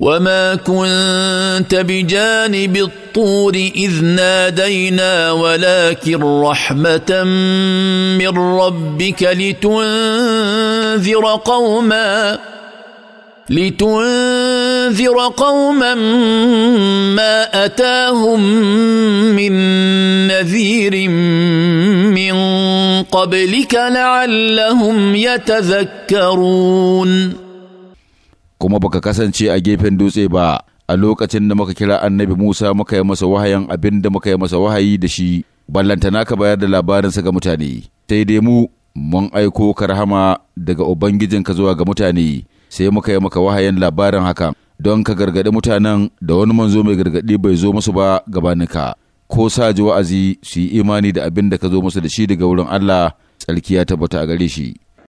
وما كنت بجانب الطور اذ نادينا ولكن رحمه من ربك لتنذر قوما لتنذر قوما ما اتاهم من نذير من قبلك لعلهم يتذكرون kuma baka kasance a gefen dutse ba a lokacin da muka kira annabi Musa muka yi masa wahayan abin da muka yi masa wahayi da shi ballanta naka bayar da labarinsa ga mutane sai dai mu mun aiko ka rahama daga ka zuwa ga mutane sai muka yi maka wahayin labarin haka don ka gargaɗi mutanen da wani manzo mai gargaɗi bai zo musu ba gabaninka ko sa ji wa'azi su yi imani da abin da ka zo musu da shi daga wurin Allah tsarki ya tabbata a gare shi